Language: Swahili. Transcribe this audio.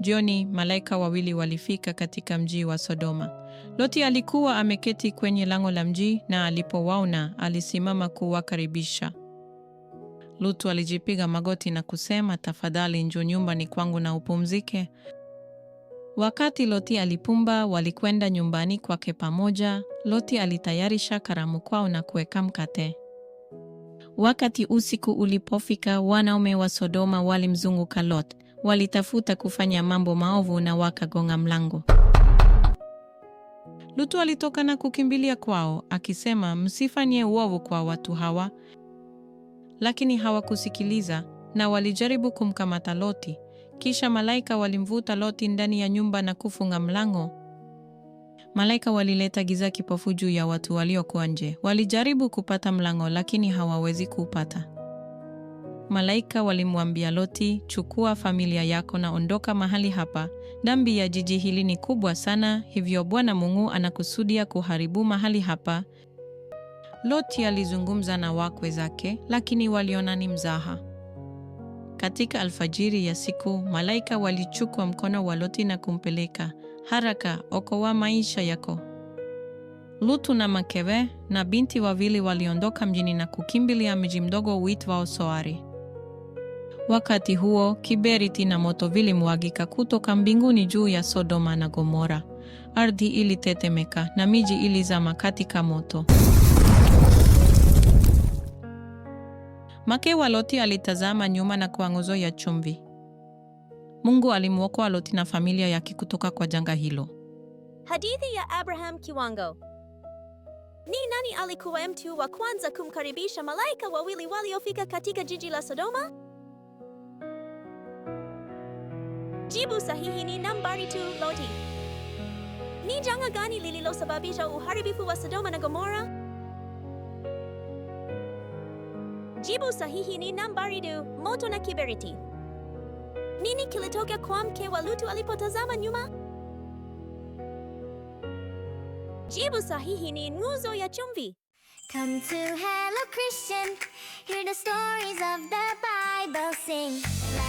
Jioni malaika wawili walifika katika mji wa Sodoma. Loti alikuwa ameketi kwenye lango la mji na alipowaona alisimama kuwakaribisha. Lutu alijipiga magoti na kusema, tafadhali njoo nyumbani kwangu na upumzike. Wakati Loti alipumba, walikwenda nyumbani kwake pamoja. Loti alitayarisha karamu kwao na kuweka mkate. Wakati usiku ulipofika, wanaume wa Sodoma walimzunguka Lot walitafuta kufanya mambo maovu na wakagonga mlango. Lutu alitoka na kukimbilia kwao akisema, msifanye uovu kwa watu hawa, lakini hawakusikiliza na walijaribu kumkamata Loti. Kisha malaika walimvuta Loti ndani ya nyumba na kufunga mlango. Malaika walileta giza kipofu juu ya watu waliokuwa nje. Walijaribu kupata mlango, lakini hawawezi kuupata malaika walimwambia Loti, chukua familia yako na ondoka mahali hapa. Dhambi ya jiji hili ni kubwa sana, hivyo Bwana Mungu anakusudia kuharibu mahali hapa. Loti alizungumza na wakwe zake, lakini waliona ni mzaha. Katika alfajiri ya siku, malaika walichukua mkono wa Loti na kumpeleka haraka, okoa maisha yako. Lutu na makewe na binti wawili waliondoka mjini na kukimbilia mji mdogo uitwao Soari. Wakati huo kiberiti na moto vilimwagika kutoka mbinguni juu ya Sodoma na Gomora. Ardhi ilitetemeka na miji ilizama katika moto. makewa Loti alitazama nyuma na kwa nguzo ya chumvi. Mungu alimwokoa Loti na familia yake kutoka kwa janga hilo. Hadithi ya Abraham Kiwango. Ni nani alikuwa mtu wa kwanza kumkaribisha malaika wawili waliofika katika jiji la Sodoma? Jibu sahihi ni nambari tu Loti. Ni janga gani lililosababisha uharibifu wa Sodoma na Gomora? Jibu sahihi ni nambari du moto na kiberiti. Nini kilitoka kwa mke wa Lutu alipotazama nyuma? Jibu sahihi ni nguzo ya chumvi. Come to Hello Christian, hear the stories of the Bible sing.